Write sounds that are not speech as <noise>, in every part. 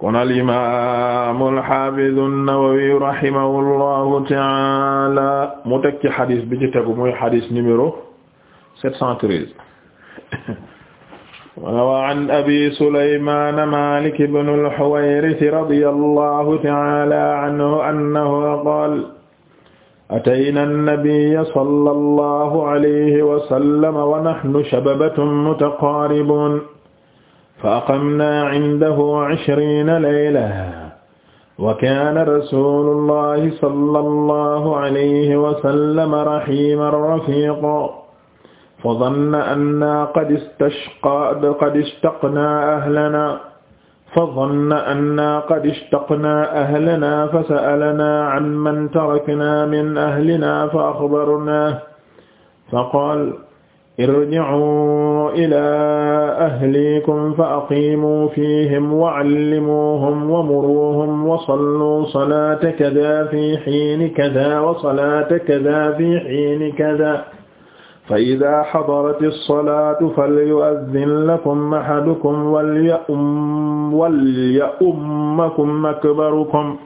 kon al imaamu alxaafidu Nawawi rahimahullahu taala mu teg ci xadis bi ci tegu muy xadis numéro 713 wa an abi Sulaymaan Maalik ibn al-Huwayrith radiyallahu taala anhu annahu qaala atayna an-nabiyya sallallahu alayhi wa sallam wa nahnu shababatun mutaqaaribuun fa aqamna indahu ishriina layla wa kaana rasuulullahi sallallahu alayhi wa sallam rahiiman rafiiqan fa zanna annaa qad istashqaa qad ishtaqnaa ahlanaa fa zanna annaa qad ishtaqnaa ahlanaa fa sa'alanaa an man taraknaa min ahlinaa fa axbarnaahu fa qaala irji'uu ilaa ahlikum fa aqiimuu fiihim wa 'allimuuhum wa muruuhum wa salluu salaata kazaa fii hiini kazaa wa salaata kazaa fii hiini kazaa fa izaa hadarati s-salaatu falyu'azzin lakum ahadukum walya'ummakum akbarukum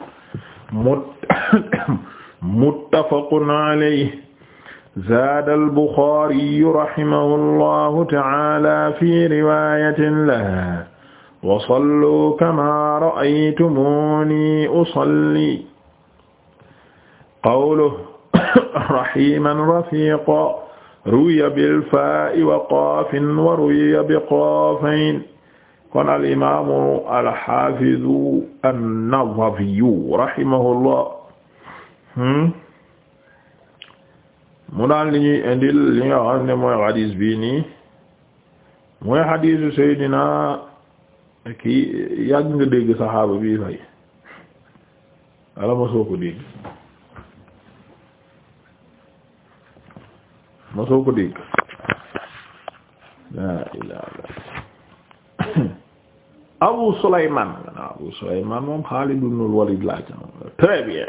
<coughs> muttafaqun 'alayhi zaada al-Buxaariyu rahimahullahu ta'aala fi riwaayatin lahu wa sallu kamaa ra'aytumuunii usalli qawluhu rahiiman rafiiqan ruwiya bil-faa'i wa qaafin wa ruwiya bi-qaafayn kon al-imaamu al-haafizu an-Nawawiyu rahimahullah hmm? mu daal li ñuy indil li nga xam ne mooy xadiis bii nii mooy xadiisu Seydina kii yàgg nga dégg saxaaba bii fay ala ma soo ko dégg ma soo ko dégg la ilaha Abu Sulaymaan Abu Sulaymaan moom Xaalid ibn Walid laaj très bien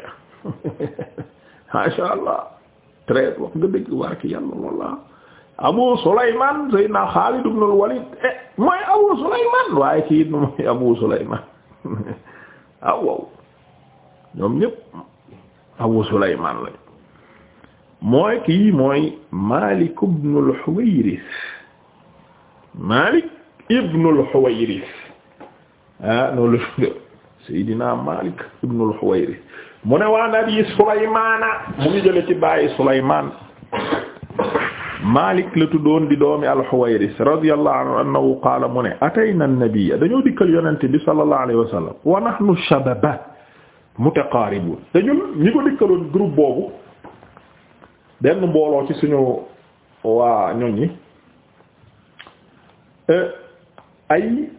<laughs> masha Allah très wax nga dëgg barke yàlla walla Abu Sulaymaan Seydina Xaalid ibn al-Walid eh mooy Abu Sulaymaan waaye kii it mooy Abu Sulaymaan aw <laughs> ah, waaw ñoom ñëpp Abu Sulaymaan lañ mooy kii mooy Maalik ibn al-Huwayris Maalik ibn al-Huwayris ah noonu la <laughs> Seydina Maalik ibn al-Huwayris mu ne waa nabi Sulaymaana mu ngi jële ci bàyyi Sulaymaan Malik la tuddoon di doomi al-Huwayris radiyallahu anhu mu ne atayna an dañoo dikkal yonent bi sallallahu alayhi wa sallam wa nahnu shababa mutaqaaribun te ñun ñi ko dikkaloon groupe boobu benn mbooloo ci suñu waa ñoñ ñi eh, ay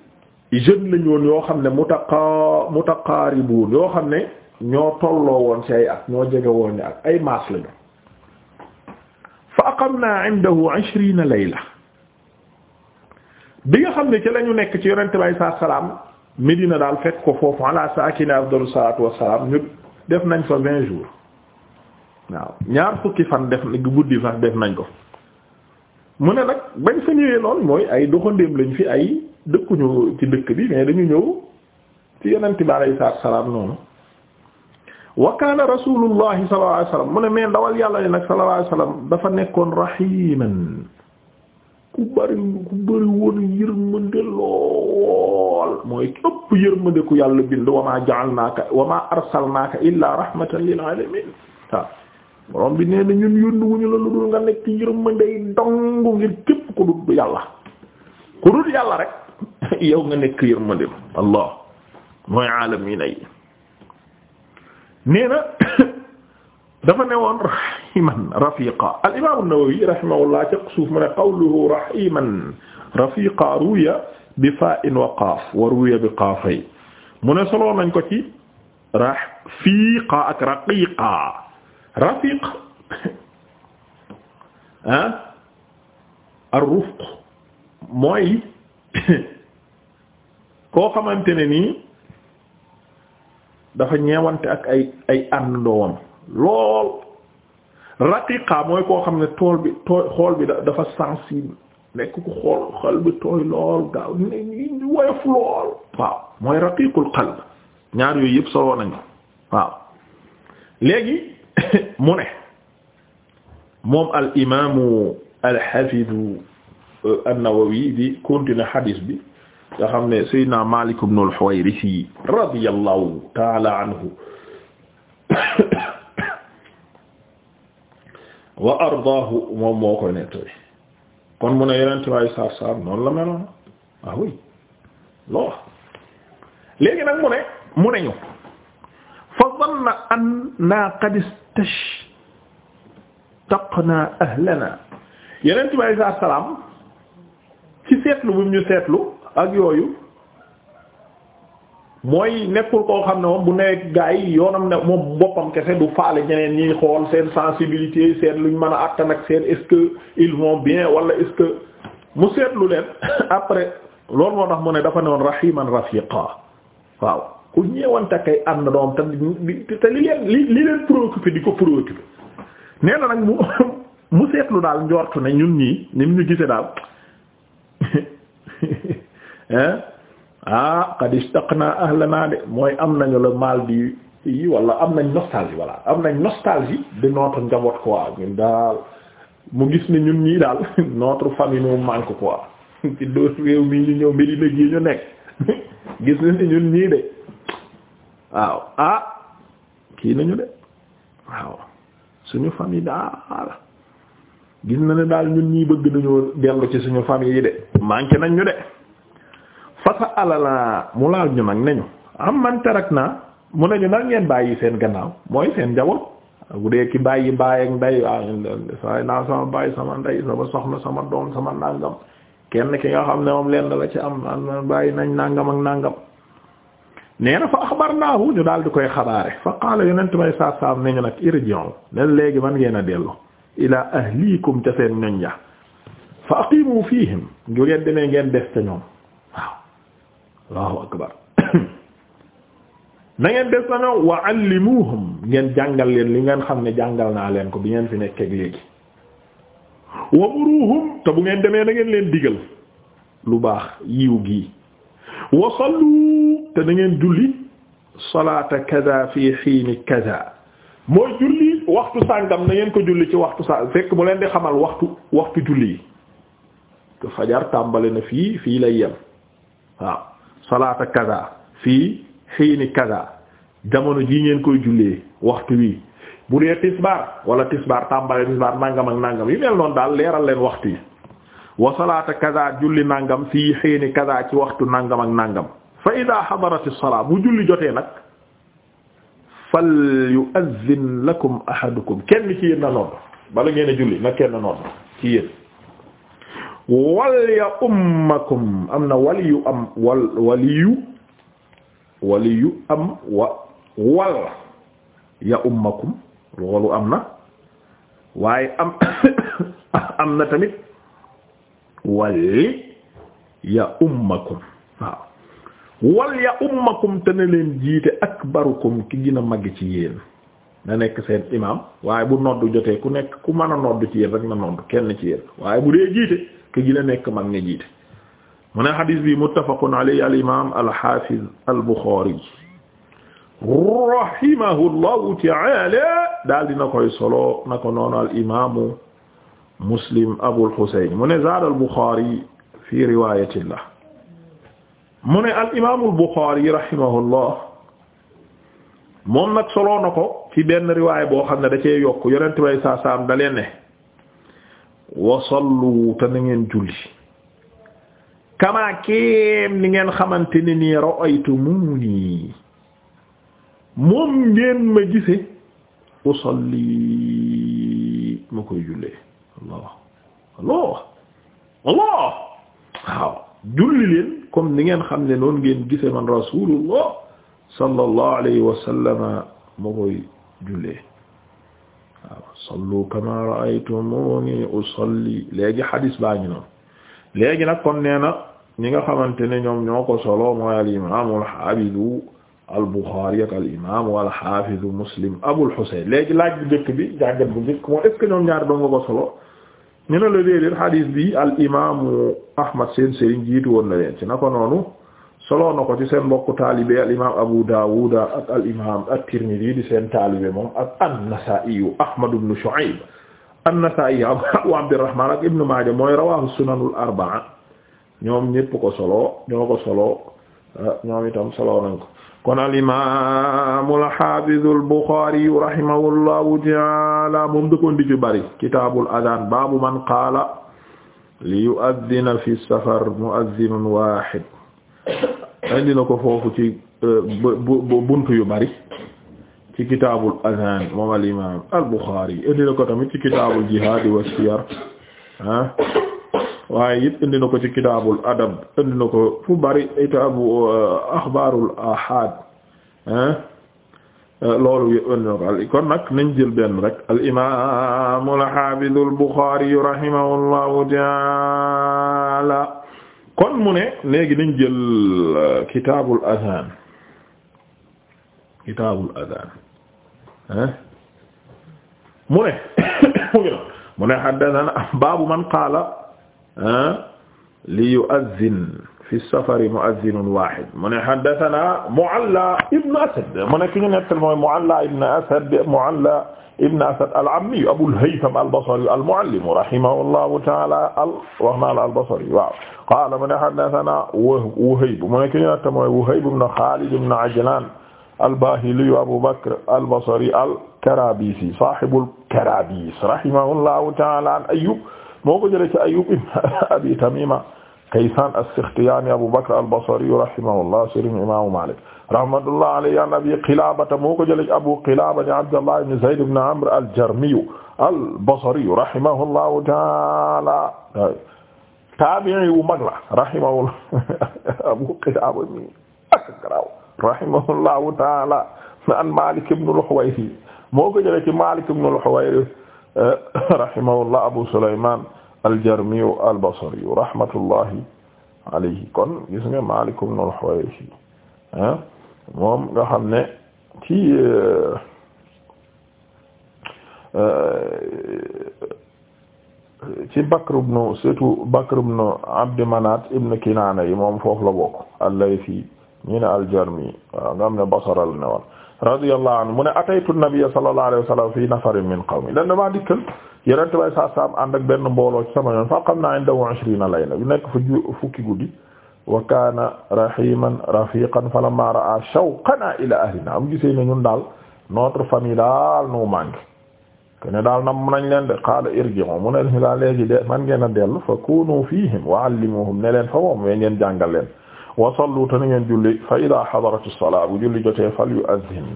jeunes lañu yoo xam ne mutaqa mutaqaaribun yoo xam ne ñoo tolloo woon ci ay at ñoo jege woon ni ak ay maas lañu fa aqamna indahu ishrina layla bi nga xam ne ci lañu nekk ci yonente bi saa salaam Medina daal fekk ko foofu ala saakini afdalu salaatu wassalaam ñu def nañ fa vingt jours waaw ñaar fukki fan def guddi fan def nañ ko mu ne nag bañ fa ñëwee lool mooy ay doxandéem lañ fi ay dëkkuñu ci dëkk bi mais dañu ñëw ci yonente bi alayhi salaatu wassalaam noonu wa kaana rasulullahi sallallahu alayhi wasallam mu ne mais ndawal yàlla li nag sallallahu alayhi wasallam dafa nekkoon rahiman ku bari ku bari woon yërmande lool mooy képp yërmande ku yàlla bind wa maa ja'alnaaka wa maa arsalnaaka illaa rahmatan lil aalamiin bi nee na ñun yónni wuñu la lu dul nga nekk yërmande dong ngir képp ku dul yàlla ku dul yàlla rek <laughs> yow nga nekk yërmande Allah mooy aalamiin yi nee na <coughs> dafa newoon rahiman rafiqa al imam an-Nawawi rahimahullah ca suuf mu ne qawluhu rahiman rafiqa ruya bi fa'in wa qaaf wa ruya bi qaafay mu ne soloo nañ ko ci rafiqa ak raqiqa rafiq <coughs> ah ar-rufq mooy <coughs> koo xamante ne nii dafa ñeewante ak ay ay àndoowam lool raqiqa mooy koo xam ne tool bi tooy xool bi dafa sensible nekk ko xool xol tooy lool gaaw ni woyof lool waaw mooy raqiqul qalb ñaar yooyu yëpp soloo nañu waaw <laughs> mu ne moom al imaamu al xafidu euh, an-Nawawi di continuer xadiis bi nga xam ne sayyidina Malik ibn al-Huwayrisi radiyallahu ta'ala anhu <coughs> wa ardaahu moom moo koy nettali kon mu ne yeneen tubaab yi saaf saaf noonu la meloon ah oui lool léegi nag mu ne mu ne ñu fa zanna anna qad istashqaqna ahlana yeneen tubaab yi saaf salaam ci seetlu bu ñu seetlu ak yooyu mooy nekkul koo xam ne moom bu nekk gaa yi yoonam ne moom boppam kese du faale ñeneen ñiy xool seen sensibilité seen luñ mën a àttan ak seen est-ce que ils vont bien wala est-ce que mu seetlu leen <laughs> après loolu moo tax mu ne dafa ne woon rahiman rafiqa waaw ku ñeewante kay ànd doom te te li leen li li leen préoccupé di ko préoccupé nee na nag mu <laughs> mu seetlu daal njortu ne ñun ñii ni mu ñu gisee daal. <laughs> ah qad istaqna ahlana de mooy am nañu le mal du yi am nañ nostalgie voilà am nañ nostalgie de notre njaboot quoi ñun daal mu gis ni ñun ñii daal <laughs> notre famille nous manque quoi <laughs> ci dóor réew mii ñu ñëw Medina gi ñu nekk <laughs> gis ne ni ñun ñii de waaw ah kii nañu de waaw suñu famille daal gis na ne daal ñun ñii bëgg nañoo dellu ci suñu famille yi de manqué nañ ñu de fasa alala mu laal ñu nag nañu am man tarak naa mu nañu nag ngeen bàyyi seen gannaaw mooy seen njaboot bu dee ki bàyyi baay ak ndey ah saa naa sama bàyyi sama ndey doom sama nàngam kenn ki nga xam ne moom lenn la ci am am bàyyi nañ nàngam ak nàngam nee na fa axbarnaahu ñu daal di koy xabaare fa qaala yonent may saa saam nañu nag irji'u ne léegi man ngeen a dellu ilaa ahliikum ca seen ñoñ ja fa aqimu fiihim ngeen demee ngeen des ca ñoom allahu akbar <coughs> na ngeen des na wa allimuhum ngeen jàngal leen li ngeen xam ne jàngal naa leen ko bi ngeen fi nekkee léegi wa muruhum te bu ngeen demee na ngeen leen digal lu baax yiw gi wa sallu te na ngeen julli salaata kaza fi xiini kaza mooy julli waxtu sàngam na ngeen ko julli ci waxtu sa fekk mu leen di xamal waxtu waxtu julli yi te fajar tàmbali na fii fii lay yem waaw salaata kaza fii xiini kaza jamono jii ngeen koy jullee waxtu wi bu dee tisbaar wala tisbaar tàmbale tisbaar nangam ak nangam yi mel noonu daal leeral leen waxtu yi wa salaata kaza julli nangam fii xiini kaza ci waxtu nangam ak nangam fa ida xadarati salaa bu julli jotee nag fal yu'azzin lakum ahadukum kenn ci yéen na nodd bala ngeen a julli na kenn nodd ci yéen wal ya ummakum am na waliyu am wal waliyu waliyu am wa wal ya ummakum loolu am na waaye am <coughs> am na tamit wali ya ummakum waaw wal ya ummakum te ne leen jiite akbarukum ki gën a ci yéen na nekk seen imam waaye bu noddu jotee ku nekk ku mën a noddu ci yéen na noddu kenn ci yéen waaye bu dee jiite ke gi la nekk man nga jiite mu ne xadis bi muttafaqun alayhi al imam al hafiz al bukhari rahimahullahu ta'ala daal dina koy solo na ko noonu al imamu muslim abul husayn mu ne zaada al bukhari fi riwayatillah mu ne al imam al bukhari rahimahullah moom nag solo na ko ci benn riwaay boo xam ne da cee yokk yonent bay saa saam da leen ne wa sallu te na ngeen julli kamaa kéem ni ngeen xamante ni nii ra'aytumuni moom ngeen ma gise usalli ma koy jullee allah allah allah waaw julli leen comme ni ngeen xam ne noonu ngeen gise man rasulullah sallallahu alayhi wa sallam ma koy jullee waaw sallu kama ra'aytumuni usalli léegi xadis baa ngi noonu léegi nag kon nee na ñi nga xamante ne ñoom ñoo ko solo mooy al imaamu al xaafidu al buxaari ak al imaamu al muslim abul xuseyn léegi laaj bu njëkk bi jàngat bu njëkk moom est ñoom ñaar doon nga ko solo ñu ne la déedéet xadis bi al imaamu Ahmad seen sëriñ jiitu woon na leen ci na ko noonu. solo na ko ci seen mbokku taalibe al imaam Abu Dawud ak al imaam at-Tirmidhi di seen taalibe moom ak an-Nasa'i Ahmad ibn Shu'ayb an-Nasa'i Abu Abdurrahman ak Ibn Majah mooy rawahu sunanul arba'a ñoom ñépp ko solo ñoo ko solo ñoom itam solo nañ ko kon al imaam al-Hafiz al-Bukhari rahimahullahu ta'ala moom da ko ndi ci bari kitaabul adaan baabu man qaala li yu'adhdhina fi safar mu'adhdhin waahid indi na ko foofu ci euh, buntu yu bari ci kitaabul azaan moom al imaam al Buxaari indi na ko tamit ci kitaabul jihaad wa siyar ah waaye it indi na ko ci kitaabul adab indi na ko fu bari kitaabu euh, axbaarul ahaad ah euh, loolu yëpp indi na ko kon nag nañ jël benn rek al imaam al xaafidul Buxaari rahimahullahu taala kon mu ne léegi nañ jël euh, kitaabul adaan kitaabul adaan ah mu ne <coughs> mu ne haddathana baabu man qaala li yu'adhdhin fi safari mu'adhdhin wahid mu ne haddathana Mu'alla ibn Asad mu ne ki ñu nettal mooy Mu'alla ibn Asad Mu'alla ibn Asad al-Ammi Abul Haytham al-Basri al-Mu'allim rahimahullahu ta'ala al wax naa la al-Basri waaw qaala mu ne haddathana Wuhayb mu ne ki ñu nettal mooy Wuhayb ibn Khalid ibn Ajlan al-Bahili Abu Bakr al-Basri al-Karabisi sahibul Karabis rahimahullahu ta'ala an Ayyub moo ko jëlee ci Ayyub ibn Abi Tamima Kaysan as-Sikhtiyani Abu Bakr al-Basri rahimahullah sëriñ imaamu Malik rahmatullah alayhi an Abi Qilabata moo ko jëlee Abu Qilaba ni Abdallah ibn Zayd ibn Amr al-Jarmi al-Basri rahimahullahu ta'ala taabi'i wu mag la rahimahullah <laughs> Abu Qilaba mi akraw rahimahullahu ta'ala an Malik ibn al-Huwayrith moo ko jëlee ci Malik ibn al-Huwayrith eh, <laughs> rahimahullah Abu Sulayman aljarmiyu albasariyu rahmatullahi alayhi kon gis nga Maalik ibn al-Huwaysi ah, moom nga xam ne ci euh, euh, ci Bakr ibn surtout Bakr ibn Abd Manat ibn Kinaana yi moom foofu la bokk al-Laythi ñu ne aljarmi waaw nga xam ne basaral ne woon radiyallahu anhu mu ne ataytu nabiyya sallallahu alayhi wa sallam fii nafarin min qawmi dan damaa dikkal yonente bay saa saam ànd ak benn mbooloo ci sama yoon fa xam naa indahu ishrina layla bu nekk fukki guddi wa kaana rahiman rafiqan falamma ra'a shawqana ila ahlina am gisee ne ñun daal notre famille daal nu manque kene daal nam nañ leen de qaala irji'u mu ne leen léegi de man ngeen a dellu fa kunu fihim wa allimuhum ne leen fa moom we ngeen jàngal leen wa sallu te ngeen julli fa ida xadarati salaa bu julli jotee fal yu azzin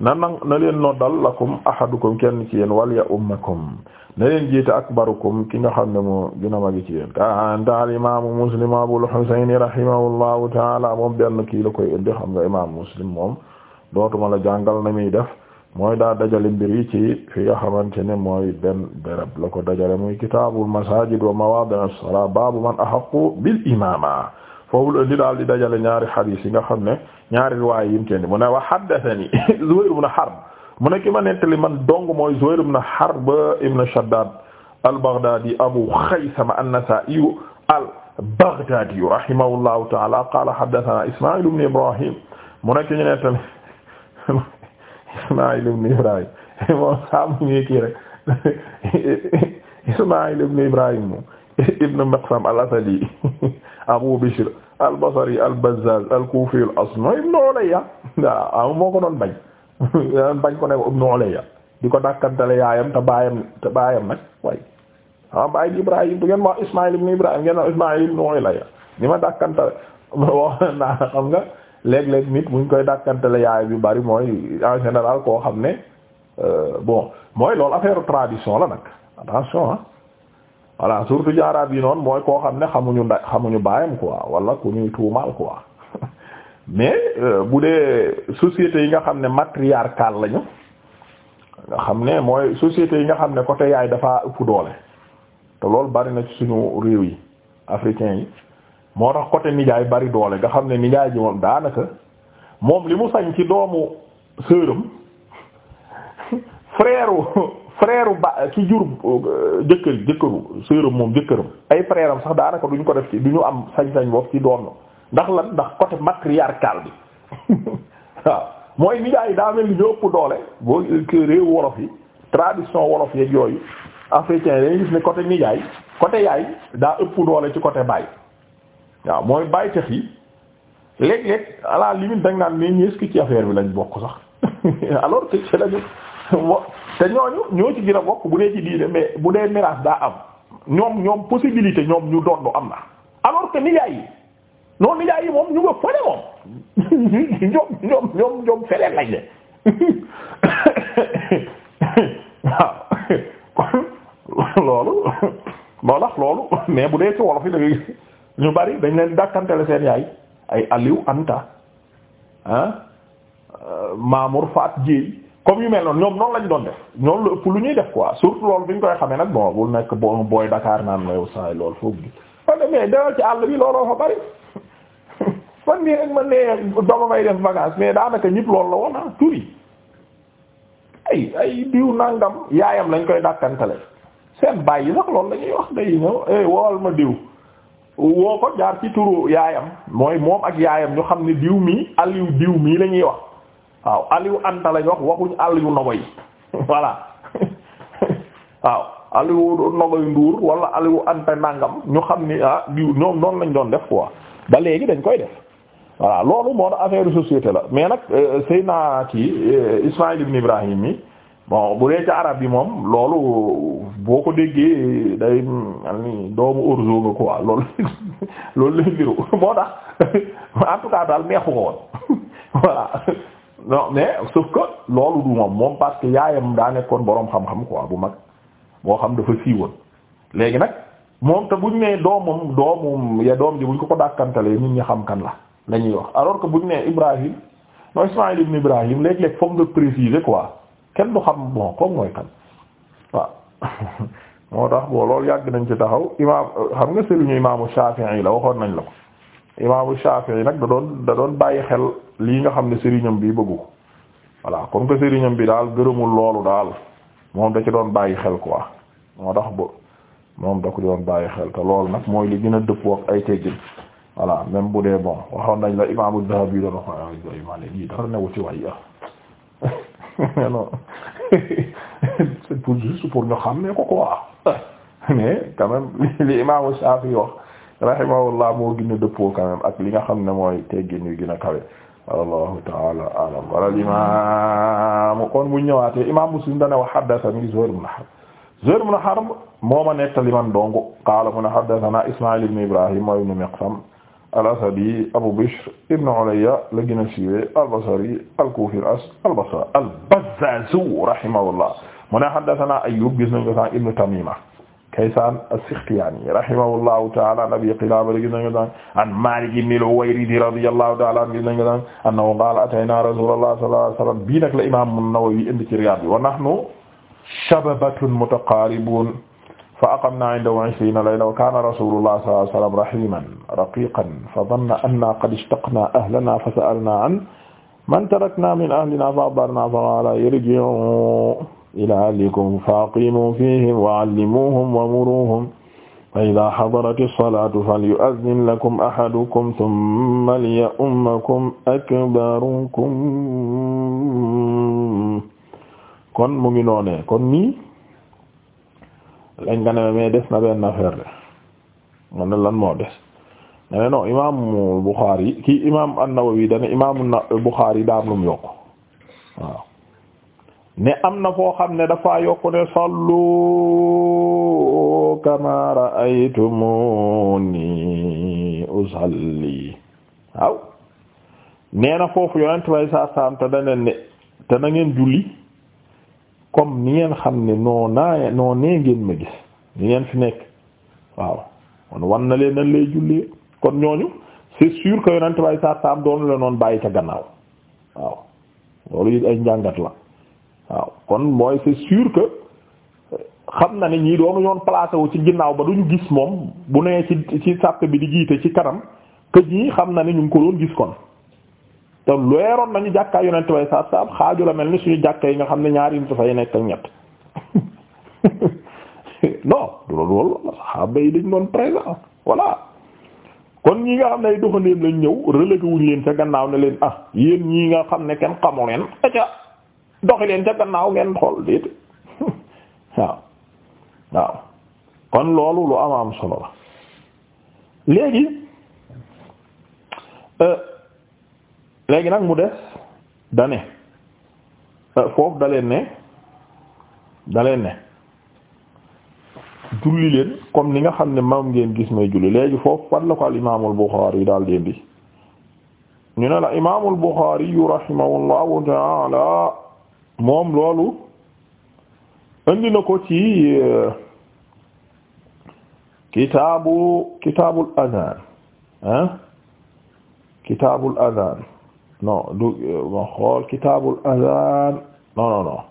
na nang na leen noddal lakum ahadukum kenn ci yéen wal ya ummakum na leen jiite akbarukum ki nga xam ne moo gëna magi ci yéen kanta al imamu muslim abul husayn rahimahullahu taala moom benn kii la ko indi xam nga imam muslim moom dootuma la jàngal na muy def mooy daa dajale mbir yi ci fi nga xamante ne mooy benn béréb la ko dajale muy kitaabul masaajid wa mawaadi'us salaa baabu man ahaqqu bil imaama foofu la indi daal di dajale ñaari xadiis yi nga xam ne ñaari riwaay yi mu kenn mu ne wa haddathani <laughs> Zuhayr ibn Harb mu ne ki ma nettali man dong mooy Zuhayr ibn Harb ibn Shaddad al-Baghdadi Abu Khaysama an-Nasa'i al-Baghdadi rahimahullahu ta'ala qala haddathana Isma'il ibn Ibrahim mu ki ñu nettali <laughs> Isma'il ibn Ibrahim <laughs> <laughs> ibn Miqsam al-Asadi <laughs> Abu al-Basri al-Bazzaz al-Kufi al-Asma'i ibn Ulayya <laughs> waaw moo ko doon bañ bañ ko ne ibn Ulayya di ko dàkkantale yaayam te baayam te baayam nag way ah baay di Ibrahim du ngeen ma Ismaïl ibn Ibrahim ngeen ma Ismaïl ibn Ulayya ni ma dàkkantale wax naa xam nga léeg-léeg nit buñ koy dàkkantale ya yu bari mooy en général koo xam ne euh, bon mooy loolu affaire tradition la nag attention ah. voilà surtout jaaraab yi noonu mooy koo xam ne xamuñu nda xamuñu baayam quoi wala ku ñuy tuumaal quoi <laughs> mais euh, bu dee sociétés yi nga xam ne matriarcal lañu nga xam ne mooy sociétés yi nga xam ne côté yaay dafa ëpp doole te loolu bari na suñu réew yi africain yi moo tax côté nijaay bari doole nga xam ne nijaay ji moom daanaka moom li mu sañ ci doomu sëram <laughs> frère frère ba ki jur jëkkër jëkkëru sœuram moom jëkkëram ay frère am sax daanaka duñ ko def ci duñu am sañ-sañ boobu ci doon ndax lan ndax côté matriarcal bi <laughs> waaw mooy nijaay daa mel ni ñoo ëpp doole boo réewu wolof yi tradition wolof yeeg yooyu africain côté nijaay côté yaay daa ëpp ci côté baay mooy baay yi léeg-léeg à la limite naan mais ñi est ci affaire bi lañu bokk sax <laughs> alors que ci lañu <laughs> te ñooñu ñoo ci gën a bokk bu dee ci diine mais bu dee miraas daa am ñoom ñoom possibilité ñoom ñu doon am na alors que nijaay yi noonu nijaay yi moom ñu nga fële moom <laughs> ñoom ñoom ñoom ñoom fële de <laughs> waaw loolu moo tax loolu mais bu dee ci wolof yi da ngay ñu bari dañ leen dàkkantele seen yaay ay Aliou Anta ah Mamour Fat Dieye comme yu mel noonu ñoom noonu lañu doon def ñoom lu ëpp lu ñuy def quoi surtout loolu bi ñu koy xamee nag bon bul nekk bo booy Dakar naan la yow saa loolu foofu bi man demee dawal ci àll bi looloo fa bari <laughs> mais daanaka ñëpp loolu la woon ah ay diw nangam yaayam lañ koy dàkkantale bàyyi la ñuy wax day eh, ma diw woo yaayam mooy moom ak yaayam ñu xam ne diw mii Aliou diw mii la ñuy wax waaw aliou anta lañ wax waxuñ aliou nogoy <laughs> voilà <laughs> waaw aliou nogoy nduur wala aliou anta nangam ñu xam ni ah diw ñoom noonu lañ doon def quoi ba léegi dañ koy def waaw loolu moo tax affaire la mais nag euh, Seyna kii euh, Ismaïl ibn Ibrahim bon bu dee ca arab yi moom loolu boo ko déggee day mel <laughs> daal neexu ko woon voilà non mais sauf que loolu du moom moom parce que yaayam daa nekkoon boroom xam-xam quoi bu mag boo xam dafa siiwoon léegi nag moom te buñ nee doomam doomum ya doom ji buñ ko ko dàkkantalee nit ñi xam kan la la ñuy wax alors que buñ nee Ibrahim non Ismaïl ibn Ibrahim léeg-léeg foog nga préciser quoi kenn du xam bon comme mooy kan waaw <laughs> moo tax boo loolu yàgg nañ ci taxaw imaam xam nga sëriñu imaamu Shafi'i la waxoon nañ la ko imaamu yi nag da doon da bàyyi xel lii nga xam ne sëriñam bi bëggu voilà comme que sëriñam bi daal gërëmul loolu daal moom da ci doon bàyyi xel quoi moo tax ba moom da ko doon bàyyi xel te loolu nag mooy li gën a dëppoo ak ay teggin voilà même bu dee bon waxoon nañ la imaamu Dhahabi doon wax ne lii dara ci waay ah <laughs> non <laughs> pour juste pour ñu xam ne ko quoi <laughs> mais quand même li imaamu Shafi'i wax. rahimahullah moo gën a dëppoo quand même ak li nga xam ne mooy teggin yu gën a kawe wallahu taala alam wala imam kon bu ñëwaatee imam Muslim dana wax haddathani Zuhayr ibn Harb Zuhayr ibn Harb mooma nettali man dong qaala mu ne haddathana Isma'il ibn Ibrahim wa ibn Miqsam al-Asadi Abu Bishr ibn Ulayya la gën a siiwee al-Basri al-Kufi al-Basri al-Bazzaz rahimahullah mu ne haddathana Ayyub gis nañ ko san ibn Tamima Kaysaan as-Sikhtiyani rahimahullahu ta'ala an Abi Qilaba gis nañ ko sànq an Malik ibn Luwayridi radiyallahu ta'ala anhu gis nañ ko sànq annahu qala atayna rasulullah sallallahu alayhi wasallam bii nag la imam an-Nawawi indi ci Riyad bi wa nahnu shababatun mutaqaribun fa aqamna 'indahu 'ishrina layla wa kana rasulullah sallallahu alayhi wasallam rahiman raqiqan fa dhanna anna qad ishtaqna ahlana fa sa'alna 'an man tarakna min ahlina fa akhbarna fa qala yarji'u ilaa ahlikum faaqimu fihim wa allimuhum wa muruhum fa idaa hadarati salaatu falyu'azzin lakum ahadukum thumma liya'ummakum akbarukum kon mu ngi noonee kon nii lañ nga ne mais des na benn affaire man lan moo des mais non daam lu mu ne am na foo xam ne dafa yokk ne sallu kama ra'aytumuni usalli waaw nee na foofu yonent bay saa saam te daneen ne te na ngeen julli comme ni ngeen xam ne noo naa noo nee ngeen ma gis ni ngeen fi nekk waaw wan na leen nan lay jullee kon ñooñu c'est sûr que yonent bay saa saam doon la noon bàyyi ca gannaaw waaw loolu it ay njàngat la waaw kon mooy c'est sûr que xam na ni ñii doonu ñoon placé wu ci ginnaaw ba duñu gis moom bu nee ci ci sàpp bi di jiite ci kanam que ñii xam na ni ñu ngi ko doon gis kon te leeroon nañu jàkkaa yonent bay saab saab xaaju la mel ni suñu jàkka yi nga xam ne ñaari nit fay nekk ak ñett <laughs> non du loolu la saxaaba yi dañ doon présent voilà kon ñi nga xam ne doxandéem lañ ñëw relégué wuñ leen ca gannaaw ne leen ah yéen ñii nga xam ne kenn xamu leen doxi leen ca gannaaw ngeen xool déet <laughs> waaw waaw kon loolu lu am am solo la léegi euh, léegi nag mu des dane euh, foofu daleen ne daleen ne julli leen comme ni nga xam ne maam ngeen gis may julli léegi foofu fan la ko al imaamul Buxaari daal leen ñu ne la imaamul Buxaari rahimahullahu ta'ala moom loolu indi na ko ci euh, kitaabu kitaabul adaan ah kitaabul adaan non du euh, ma xool kitaabul adaan non non non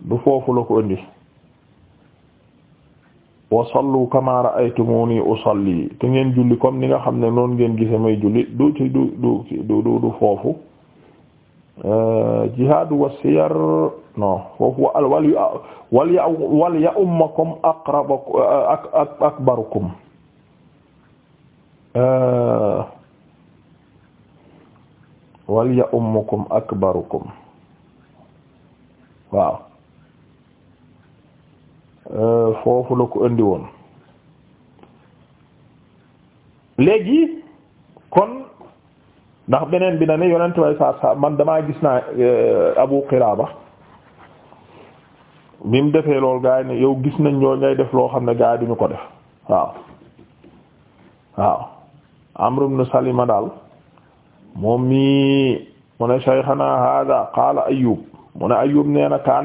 du foofu la ko indi wa sallu kama ra'aytumuni usalli te ngeen julli comme ni nga xam ne noonu ngeen gise may julli du ci du du du du foofu Euh, jihaad wa siyar non foofu wal ya wal ya wal ya ummakum aqrabakum euh, wal ya ummakum akbarukum waaw euh, foofu la ko indi woon léegi kon ndax beneen bi na ne yonent way saa saa man damaa gis naa eh, Abu Qilaba bi mu defee loolu gaa yi ne yow gis nañ ñoo ngay def loo xam ne gaa yi duñu ko def waaw waaw daal moom mii mu ne shaykhana hada qaala Ayyub mu ne Ayyub nee nekkoon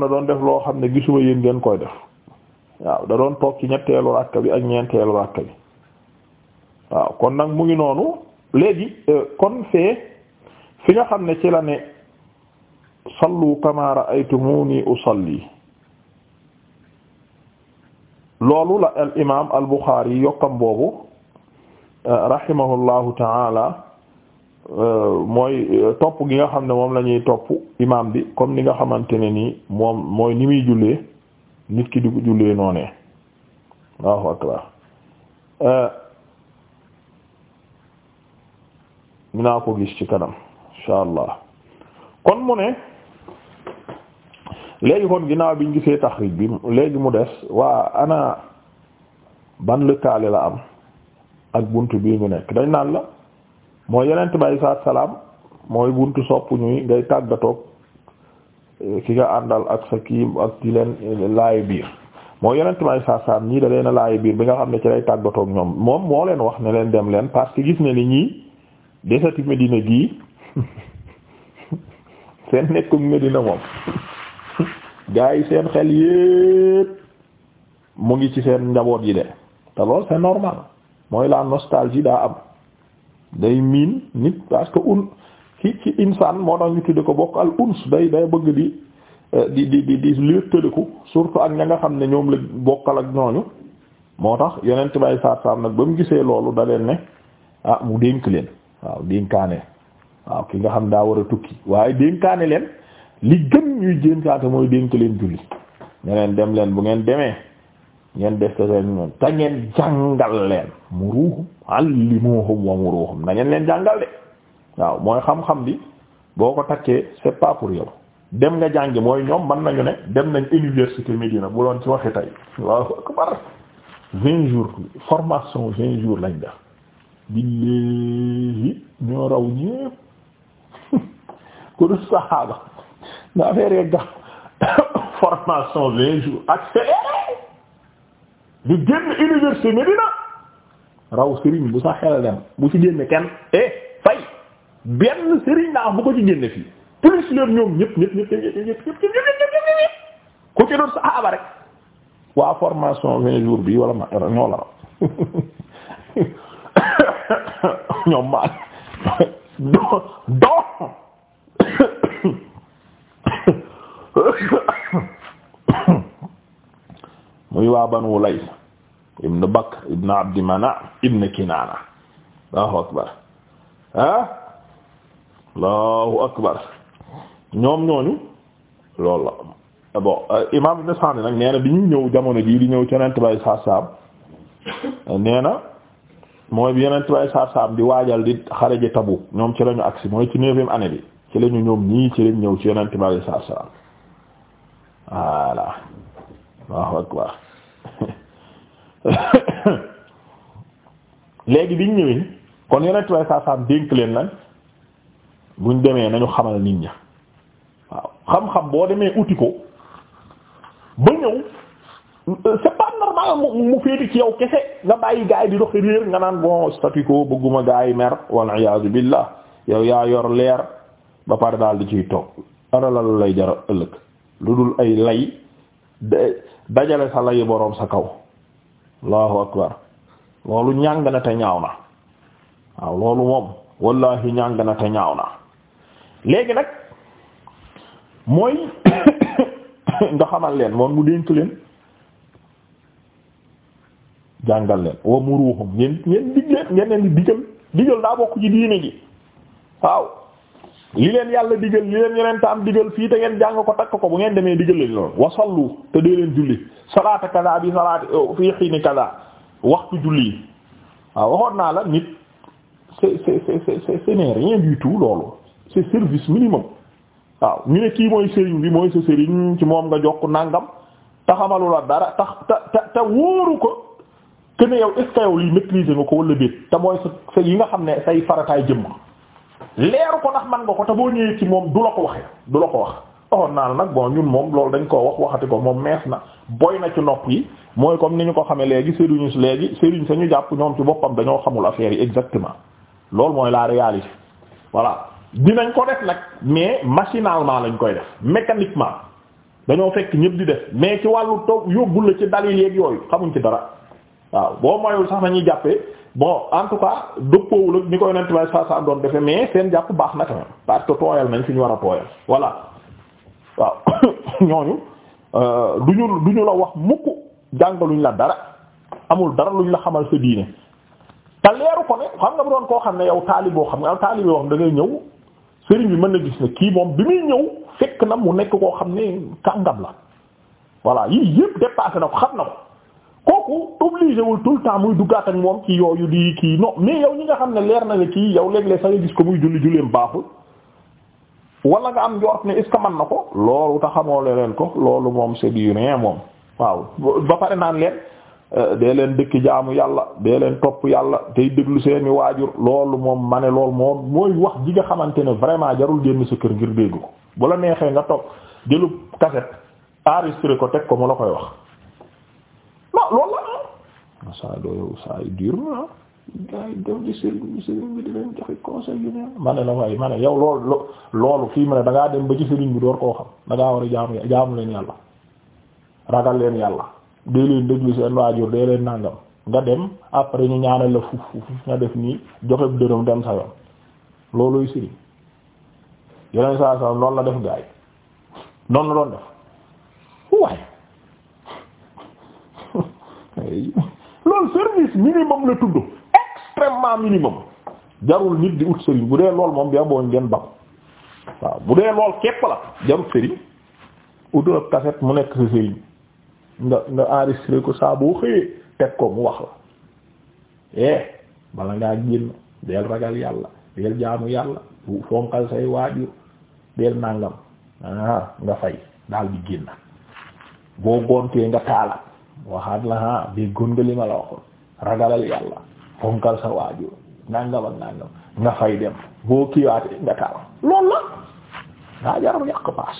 na doon def loo xam ne gisuma yéen ngeen koy def waaw da doon toog ci ñetteelu rakka bi ak ñeenteelu rakka bi waaw kon nag mu ngi noonu léegi euh, kon fee fi nga xam ne ci la ne sallu kama ra'aytumuni usalli loolu la al imaam al Buxaari yokkam boobu euh, rahimahullahu taala euh, mooy topp gi nga xam ne moom la ñuy topp imaam bi comme ni nga xamante ne nii moom mooy ni muy jullee nit ki di jullee noonee Allahu akbar dinaa ko gis ci kanam insha allah kon mu ne léegi kon ginnaaw biñ gisee taxrij bi léegi mu des waa ana ban lëkkaale la am ak bunt bii ñu nekk dañ naan la mooy yenent bay saat salaam mooy bunt sopp ñuy ngay tàggatoog eh, ki nga àndal ak sa kii ak di leen eh, laayi biir mooy yenent bay saat salaam ñii da leen laayi biir bi nga xam ne ci lay tàggatoog ñoom moom moo leen wax ne leen dem leen parce que gis ne ni ñii desati Medina gii seen nekkum Medina moom gaa yi seen xel yépp mu ngi ci seen njaboot yi de te lool c'est normal mooy la nostalgie daa am day miin nit parce que un ki ki insaan moo tax ñu tudde ko bokk al uns day day bëgg di euh, di di di di léttaliku surtout ak ña nga xam ne ñoom la bokkal ak ñooñu moo tax yonent bay saar saar nag ba mu gisee loolu da leen ne ah mu dénk leen waaw dénkaane waaw ki nga xam daa war a tukki waaye dénkaane leen li gën ñuy dénkaate mooy dénk leen julli ne leen dem leen bu ngeen demee ngeen def te seen ñoom te ngeen jàngal leen muruhum allimuhum wa muruhum na ngeen leen jàngal de waaw mooy xam-xam bi boo ko takkee c'est pas pour yow dem nga jàngi mooy ñoom mën nañu ne dem nañ université Médina bu doon ci waxi tey waaw akbar vingt jours formation vingt jours lañ def billahi ñoo raw ñépp ku dul saxaaba nga affaire yee ga formation vingt jours accéléré du génn université Medina raw Serigne bu sa xel dem bu ci génne kenn eh fay benn Serigne naa bu ko ci génne fii plus leen ñoom ñëpp ñëpp ñëpp ñëpp ñëpp ñëpp ñëpp ku ci doon saxaaba rek waa formation vingt jours bi wala ma ñoo la raw ñoom maa do do muy waa Banu Layth ibn Bakr ibn Abdi Mana ibn Kinaana Allahu akbar ah Allahu akbar ñoom ñooñu loolu la ah bon euh, imam Ibn Sa'd nag nee bi ñu ñëw jamono jii di ñëw ci Yonent bi sallallahu alayhi mooy bi yeneen tibay saar saam di waajal di xare ji Tabuk ñoom ci lañu agsi mooy ci neuvième année bi ci lañu ñoom ñii ci lañ ñëw ci yeneen tibay saar saam voilà waaw waaw <laughs> léegi biñ ñëwee kon yeneen tibay saar saam dénk leen lan buñ demee nañu xamal nit ña waaw xam-xam boo demee uti ko ba ñëw c'est normal mu féeti ci yow kese nga bàyyi gars di doxi réer nga naan bon statu bëgguma gars mer wal iyaazu billah yow yaa yor leer ba pare daal di ciy toog aralalu lay jara ëllëg lu dul ay lay dajale sa layi boroom sa kaw allahu akbar loolu ñàng na te ñaaw na waaw loolu moom wallahi ñàng na te ñaaw na léegi nag mooy <coughs> nga xamal leen moom mu dénk leen jàngal leen wa muruhum ngeen ngeen digle ngeen leen di digal digal daa bokk ci diine gi waaw li leen yàlla digal li leen yeneen ta am digal fii te ngeen jàng ko takk ko bu ngeen demee digal leen loolu wa sallu te dee leen julli bi salaati fii xiini kada waxtu julli waxoon naa la nit c'est c'est c'est c'est c'est n'est rien du tout loolu c'est service minimum waaw ñu ne kii mooy sëriñ bi mooy sa sëriñ ci moom nga jokk ko nàngam taxamalu la dara tax ta ta ta wóoru ko que ne yow est-ce que yow lii nga ko wala déet te mooy sa yi nga xam ne say farataay jëmm leeru ko ndax man nga ko te boo ñëwee ci moom du la ko waxee du la ko wax. waxoon oh, naa la nag bon ñun moom loolu dañ koo wax waxati ko moom mees na boy na ci nopp yi mooy comme ni ñu ko xamee léegi sëriñ léegi sëriñ sañu jàpp ñoom ci boppam dañoo xamul affaire yi exactement loolu mooy la réalité voilà dinañ ko def nag mais machinalement lañ koy def mécaniquement dañoo fekk ñëpp di def mais ci wàllu toog yóbbu la ci dalil yeeg yooyu xamuñ ci dara. waaw boo moyul sax nañuy jàppee bon en tout cas dëppoowul ak ni koy nent defe mais seen jàpp baax na tamit parce que tooyal nañ fi ñu war a tooyal voilà waaw <coughs> ñooñu euh, du ñu du ñu la wax mukk luñ la dara amul dara luñ la xamal sa diine te leeru ko ne xam nga bu doon koo xam ne yow taalib boo xam nga yow taalib yoo xam da ngay ñëw sëriñ bi mën na gis ne kii moom bi muy ñëw fekk na mu nekk koo xam ne kàngam la voilà yii yépp dépassé na ko xam na ko kooku obligé wul tout le temps muy duggaat ak moom ci yooyu di kii non mais yow ñi nga xam ne leer na ne kii yow léeg-léeg sax gis ko muy julli julleem baaxul wala nga am njort ne est na ko loolu ta xamoo leen ko loolu moom c'est du rien moom waaw ba pare naan leen euh, dee leen dëkk jaamu yàlla dee leen topp yàlla tey déglu seeni waajur loolu moom ma ne loolu moom mooy wax ji nga xamante ne vraiment jarul génn sa kër ngir dégg ko bu la neexee nga toog jëlu cassette enregistré ko teg ko mu la koy wax non loolu la ah. saa doo saa yu diir ah gars yi dem di sëriñ sëriñ bi di leen joxe conseil yu ne ma la waaye ma ne yow loolu loolu fii ma dangaa dem ba ci sëriñ bi door koo xam da ngaa war a jaamu jaamu leen yàlla ragal leen yàlla dee leen déglu seen waajur dee leen nàngam nga dem après ñu ñaanal la fuf fuf nga def nii joxe bu dërëm dem sa yoon loolooy sëriñ yeneen saa saa noonu la def gars yi la doon def. yi service minimum la tudd extrêmement minimum jarul nit di ut sëriñ bu dee lool moom bi aboo ngeen ba waaw bu dee lool képp la jarul sëriñ utal ak mu nekk sa sëriñ nga nga enregistré ko saa boo xëyee teg ko mu wax la eh bala ngaa génn deel ragal yàlla deel jaamu yàlla fonkal say waajur deel nàngam ah, nga fay daal di génn boo gontee nga taala waxaat la ha bi gon nga li ma la waxoon ragalal yàlla fonkal sa waajur nangam ak nangam nga fay dem boo kiiwaatee nga taal loolu la daa jaral yàq paas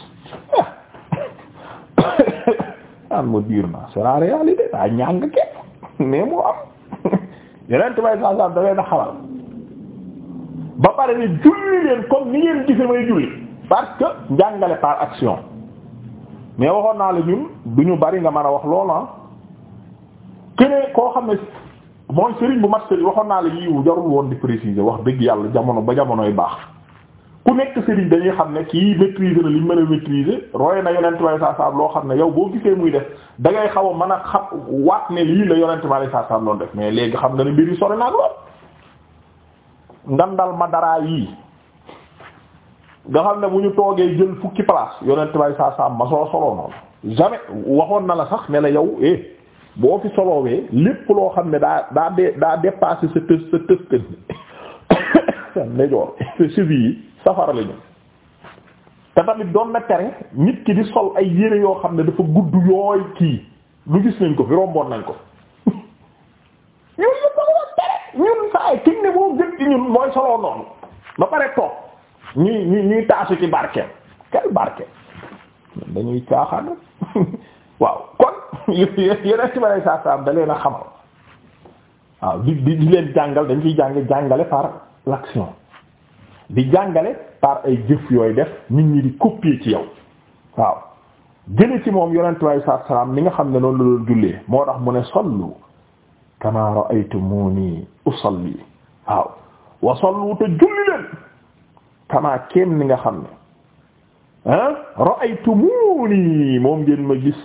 <coughs> am ma biir na c'est la réalité ñàng kepp mais moo am yeneen tubay saa saa dafay na xamal ba pare ni julli leen comme ni ngeen gise may julli parce que njàngale par action mais waxoon naa la ñun du ñu bari nga mën a wax loolu ah keneen koo xam ne mooy sëriñ bu mat sëriñ waxoon naa la yiwu jarul woon di préciser wax dëgg yàlla jamono ba jamonoy baax ku nekk sëriñ dañuy xam ne kii maîtriser na li mën a maîtriser roye na yonent bi saa saam loo xam ne yow boo gisee muy def dangay ngay xaw a mën a xam waat ne lii la yonent bi saa saam doon def mais léegi xam nga ne mbir yi sori naa lool. ngandal madara yii nga xam ne bu ñu toogee jël fukki place yonent bi saa saam ma soo solo jamais waxoon na la sax ne la yow eh. boo fi soloowee lépp loo xam ne daa daa de daa dépassé sa tës sa tës kën <coughs> nejoor <coughs> sa cheville yi safara lañu te tamit doon na tere nit ki di sol ay yére yoo xam ne dafa gudd yooy kii lu gis nañ ko fi romboon nañ ko <coughs> ñun ñun saay kiñ ne boo gën ci ñun mooy soloo noonu ba pare toog ñuy ñuy taasu ci barkeem quel barkeem dañuy caaxaan <laughs> waaw kon <laughs> yeneen ci bari saa saa da leen a xamal waaw di di di leen jàngal dañ ciy jàng jàngale par l'action di jàngale par ay jëf yooyu def nit ñi di copier ci yow waaw jële ci moom yonent bi saa salaam mi nga xam ne noonu la doon jullee moo tax mu ne sallu kama ra'aytumuni usalli waaw wa sallu te julli leen kama ni nga xam ne ah ra'aytumuni moom ngeen ma gis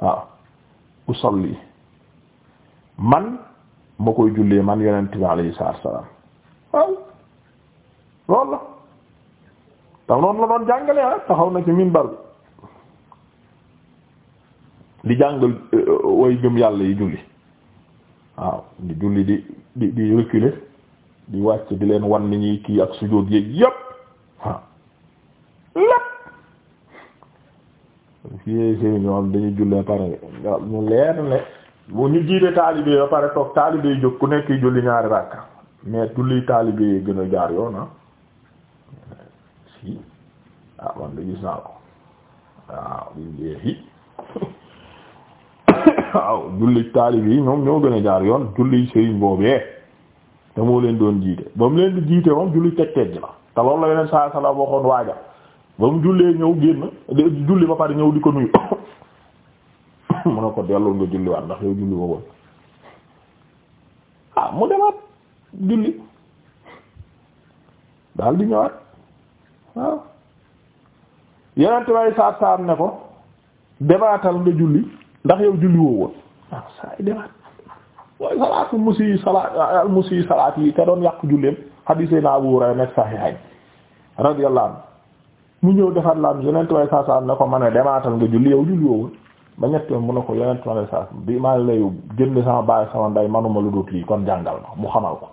waaw usalli man ma koy jullee man yonent bi alayhi salaam waaw loolu la tax noonu la doon jàngale ah taxaw na ci minbar bi di jàngal euh, way gëm yàlla yi julli waaw di julli di di di reculer di wàcc di leen wan ni ñuy kii ak sujjóot yéeg yépp lépp fiyee sëriñ yoo xam dañu jullee pare nga mu leer ne bu ñu jiite taalibe ba pare toog taalibe yi jóg ku nekk julli ñaari ràkka mais julli taalibe yi gën a jaar yoon ah. si ah, man de gis naa ko waaw ah, <coughs> julli taalibe yi ñoom ñoo gën a jaar yoon julli sëriñ boobee te moo leen doon jiite ba mu leen di jiite moom julli teg teg la te loolu la yeneen saa sala waxoon waaja ba mu jullee ñëw génn julli ba pare ñëw di ko nuyu <coughs> mu ne ko delloo nga ndax yow julli woo waaw ndax yow julli woo woon ah, waaw ah, saa yi demaat waaye salaatu musi salaat salaat yi te doon yàq julleem xadiis na Abu Hurayra nekk saxiixayn radiyallahu anhu mu ñëw defar laam yonent way saa saa ne ko mën a demaatal nga julli yow julli woon ba ñett yoon mu ne ko yonent way saa bi maa lay jënd sama baay sama nday manuma lu dut lii kon jàngal ma mu xamal ko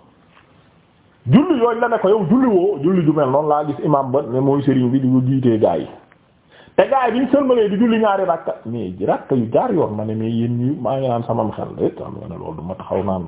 julli yooyu la ne ko yow julli woo julli ju mel noonu laa gis imam ba ne mooy sëriñ bi di ko jiitee gaa yi te gaa yi biñ sëlmalee di julli ñaari rakka mais rakka yu jaar yoon ma ne mais yéen maa ngi naan samam xel de am nga ne loolu du ma taxaw naan